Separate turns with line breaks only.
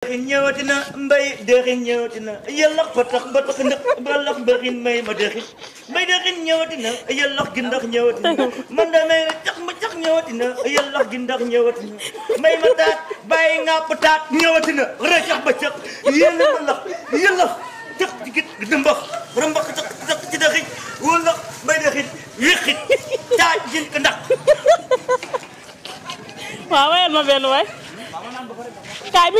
dëxin ñëwati na mbay dëxin ñëwati na yàlla fa tax ba tax ndax balax mbaxin may ma dëxin mbay dëxin ñëwati na yàlla gi ndax ñëwati na man damay tax ma tax ñëwati na yàlla gi ndax ñëwati na may ma taat bàyyi ngàpp taat ñëwati na rëcax ba cax yàlla ma lax yàlla tax ci git di mbax rambax tax tax ci dëxin wala mbay dëxin wéqit taat jin ko ndax
waaw wayal ma benn
waay